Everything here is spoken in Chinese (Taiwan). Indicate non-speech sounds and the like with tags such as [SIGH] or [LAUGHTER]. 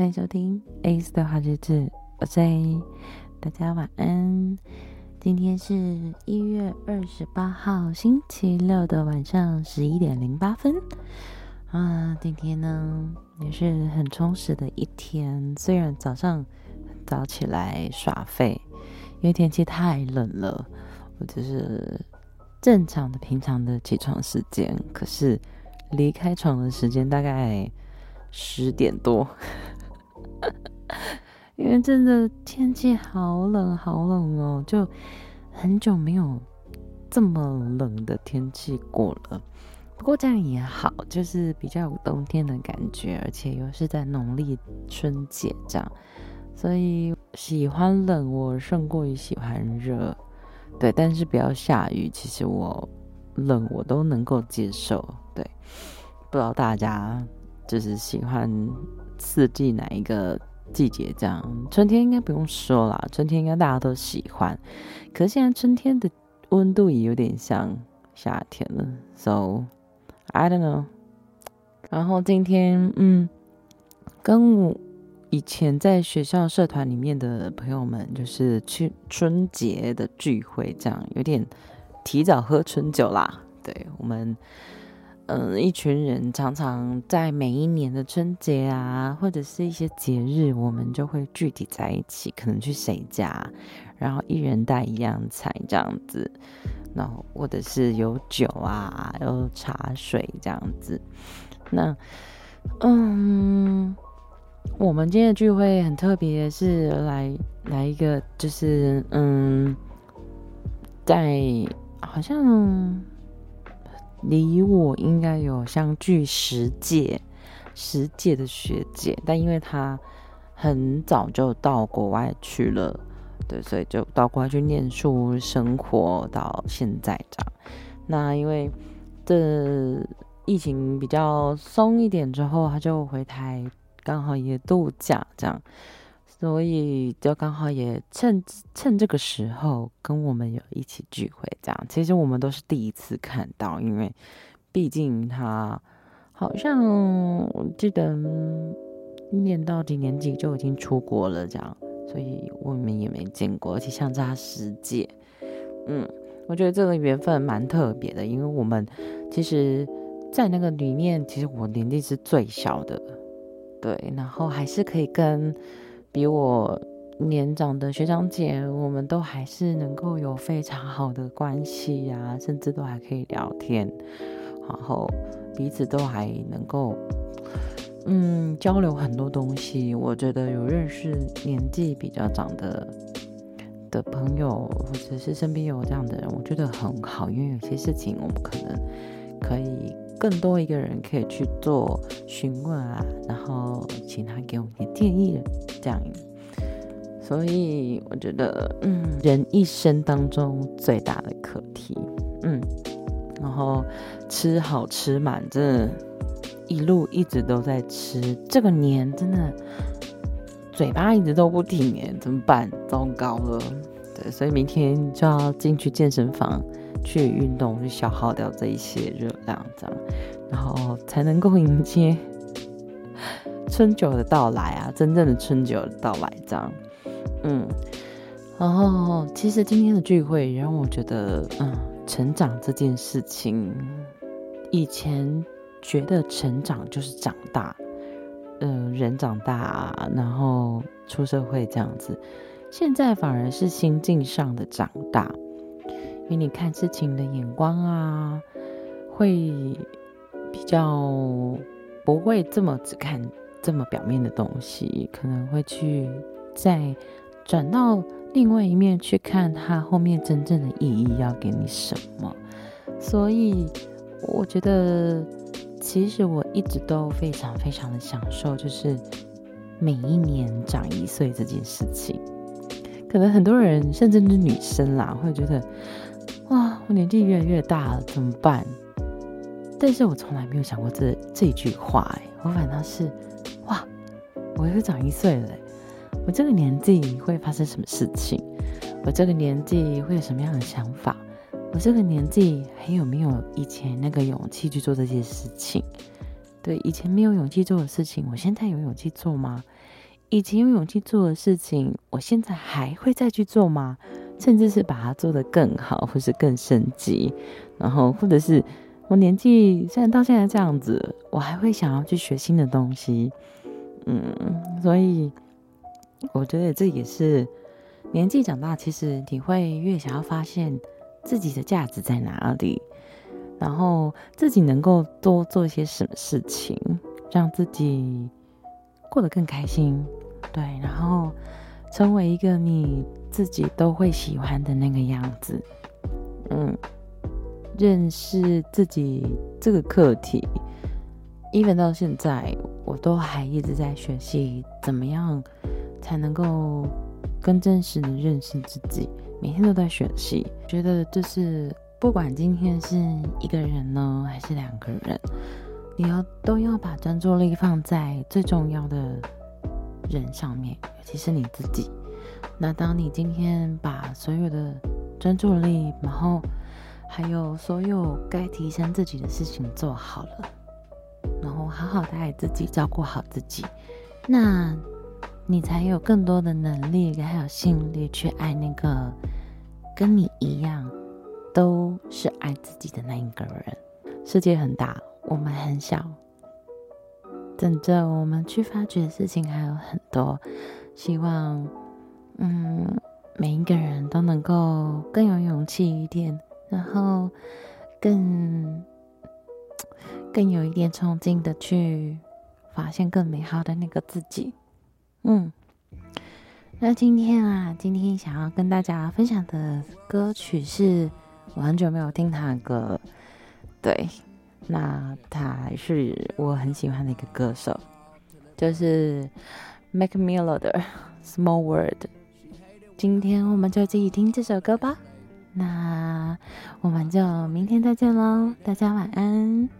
歡迎收聽 ACE 的花日子，我是 ACE，大家晚安。今天是一月二十八號星期六的晚上十一點零八分啊。今天呢也是很充實的一天，雖然早上早起來耍廢，因為天氣太冷了，我就是正常的平常的起床時間，可是離開床的時間大概十點多。 [LAUGHS] 因為真的天氣好冷好冷哦，就很久沒有這麼冷的天氣過了。不過這樣也好，就是比較有冬天的感覺，而且又是在農曆春節這樣，所以喜歡冷我勝過於喜歡熱。對，但是不要下雨。其實我冷我都能夠接受。對，不知道大家。就是喜歡四季哪一個季節這樣，春天應該不用說啦，春天應該大家都喜歡。可是現在春天的溫度也有點像夏天了，so I don't know。然後今天嗯，跟我以前在學校社團裡面的朋友們，就是去春節的聚會這樣，有點提早喝春酒啦。對我們。嗯，一群人常常在每一年的春節啊，或者是一些節日，我們就會聚集在一起，可能去誰家，然後一人帶一樣菜這樣子，然後或者是有酒啊，有茶水這樣子。那，嗯，我們今天的聚會很特別的是來來一個，就是嗯，在好像。離我應該有相距十屆，十屆的學姐，但因為她很早就到國外去了，對，所以就到國外去念書生活到現在這樣。那因為這疫情比較鬆一點之後，她就回台，剛好也度假這樣。所以就剛好也趁趁這個時候跟我們有一起聚會，這樣。其實我們都是第一次看到，因為畢竟他好像我記得念到幾年級就已經出國了這樣，所以我們也沒見過，而且相差十屆。嗯，我覺得這個緣分蠻特別的，因為我們其實，在那個裡面，其實我年紀是最小的，對，然後還是可以跟。比我年長的學長姐，我們都還是能夠有非常好的關係啊，甚至都還可以聊天，然後彼此都還能夠，嗯，交流很多東西。我覺得有認識年紀比較長的的朋友，或者是身邊有這樣的人，我覺得很好，因為有些事情我們可能可以。更多一個人可以去做詢問啊，然後請他給我們一些建議這樣。所以我覺得，嗯，人一生當中最大的課題，嗯，然後吃好吃滿，這一路一直都在吃，這個年真的嘴巴一直都不停哎，怎麼辦？糟糕了，對，所以明天就要進去健身房。去運動，去消耗掉這一些熱量，這樣，然後才能夠迎接春酒的到來啊！真正的春酒的到來，這樣，嗯，哦，然後其實今天的聚會也讓我覺得，嗯，成長這件事情，以前覺得成長就是長大，嗯、呃，人長大，然後出社會這樣子，現在反而是心境上的長大。給你看事情的眼光啊，會比較不會這麼只看這麼表面的東西，可能會去再轉到另外一面去看它後面真正的意義要給你什麼。所以我覺得，其實我一直都非常非常的享受，就是每一年長一歲這件事情。可能很多人，甚至是女生啦，會覺得。我年紀越來越大了，怎麼辦？但是我從來沒有想過這這句話、欸，哎，我反倒是，哇，我又長一歲了、欸。我這個年紀會發生什麼事情？我這個年紀會有什麼樣的想法？我這個年紀還有沒有以前那個勇氣去做這些事情？對，以前沒有勇氣做的事情，我現在有勇氣做嗎？以前有勇氣做的事情，我現在還會再去做嗎？甚至是把它做得更好，或是更升級，然後或者是我年紀雖然到現在這樣子，我還會想要去學新的東西，嗯，所以我覺得這也是年紀長大，其實你會越想要發現自己的價值在哪裡，然後自己能夠多做一些什麼事情，讓自己過得更開心，對，然後。成為一個你自己都會喜歡的那個樣子，嗯，認識自己這個課題，even 到現在我都還一直在學習怎麼樣才能夠更真實的認識自己。每天都在學習，覺得就是不管今天是一個人呢、哦，還是兩個人，你要都要把專注力放在最重要的。人上面，尤其是你自己。那當你今天把所有的專注力，然後還有所有該提升自己的事情做好了，然後好好的愛自己，照顧好自己，那你才有更多的能力，還有心力去愛那個跟你一樣都是愛自己的那一個人。世界很大，我們很小。等着我們去發掘的事情還有很多，希望，嗯，每一個人都能夠更有勇氣一點，然後更更有一點衝勁的去發現更美好的那個自己。嗯，那今天啊，今天想要跟大家分享的歌曲是我很久沒有聽他的歌，對。那他是我很喜歡的一個歌手，就是 Mac Miller 的《Small Worlds》。今天我們就繼續聽這首歌吧。那我們就明天再見嘍，大家晚安。